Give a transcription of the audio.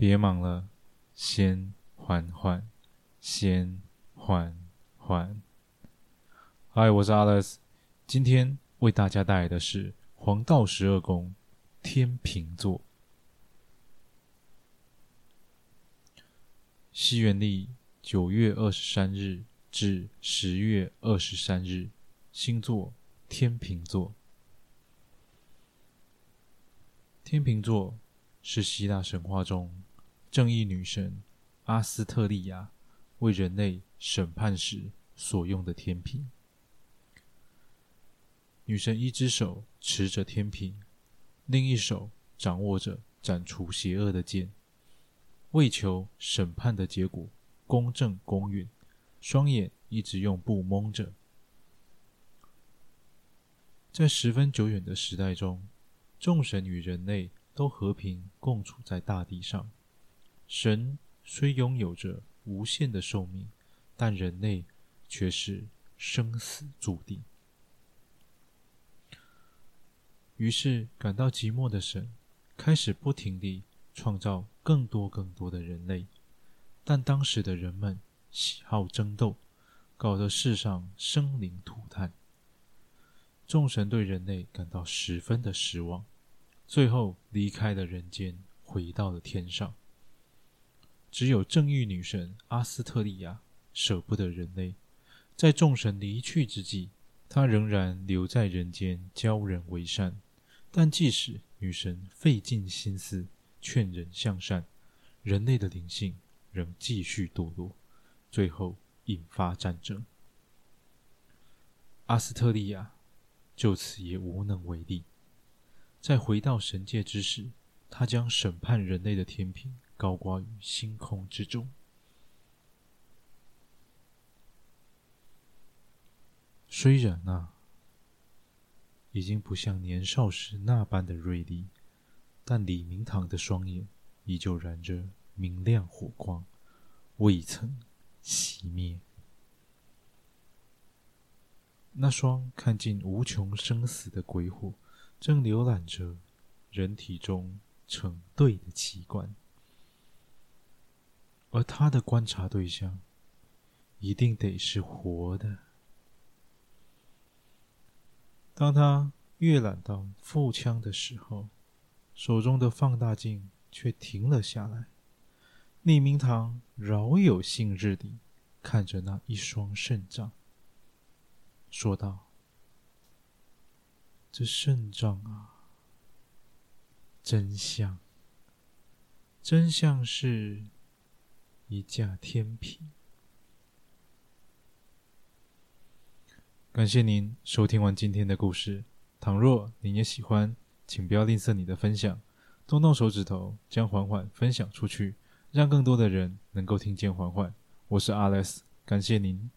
別忙了，先緩緩，先緩緩。Hi，我是 Alice，今天為大家帶來的是黃道十二宮天秤座。西元曆九月二十三日至十月二十三日，星座天秤座。天秤座是希臘神話中，正義女神阿斯特莉亞為人類審判時所用的天平。女神一隻手持着天平，另一手掌握着斬除邪惡的劍。為求審判的結果公正公允，雙眼一直用布蒙着。在十分久遠的時代中，眾神與人類都和平共處在大地上。神雖擁有着無限的壽命，但人類卻是生死注定。於是，感到寂寞的神開始不停地創造更多更多的人類。但當時的人們喜好爭鬥，搞得世上生靈塗炭。眾神對人類感到十分的失望，最後離開了人間，回到了天上。只有正義女神阿斯特利亞捨不得人類，在眾神離去之際，她仍然留在人間教人為善。但即使女神費盡心思勸人向善，人類的靈性仍繼續墮落，最後引發戰爭。阿斯特利亞就此也無能為力。在回到神界之時，她將審判人類的天平。高掛於星空之中。雖然啊，已經不像年少時那般的銳利，但李明棠的雙眼依舊燃着明亮火光，未曾熄滅。那雙看盡無窮生死的鬼火，正瀏覽着人體中成對的器官。而他的觀察對象，一定得是活的。當他閱覽到腹腔的時候，手中的放大鏡卻停了下來。李明棠饒有興致地看着那一雙腎臟，說道：“這腎臟啊，真像，真像是……”一架天平。感謝您收聽完今天的故事。倘若您也喜歡，請不要吝嗇你的分享，動動手指頭，將緩緩分享出去，讓更多的人能夠聽見緩緩。我是阿萊斯，感謝您。